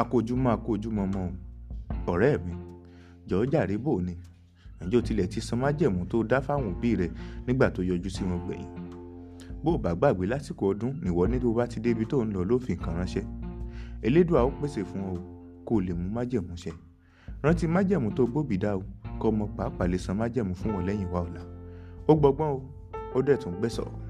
akójú máa kójú mọ́mọ́ ọ̀rẹ́ mi jọ̀ọ́ jàre bò ni ǹjẹ́ o tilẹ̀ ti san májẹ̀mú tó dá fáwọn òbí rẹ nígbà tó yọjú sí wọn gbẹ̀yìn bó o bá gbàgbé lásìkò ọdún nìwọ ní tó bá ti débi tó ń lọ lófin kan ránṣẹ́ elédùà ó pèsè fún ọ kó o lè mú májẹ̀mú ṣẹ rántí májẹ̀mú tó gbòbí dá o kọ́ ọmọ pàápàá lè san májẹ̀mú fún wọn lẹ́yìn wa ọ̀la ó gbọgbọ́n o ó dẹ̀ tún gbẹ̀sọ̀rọ̀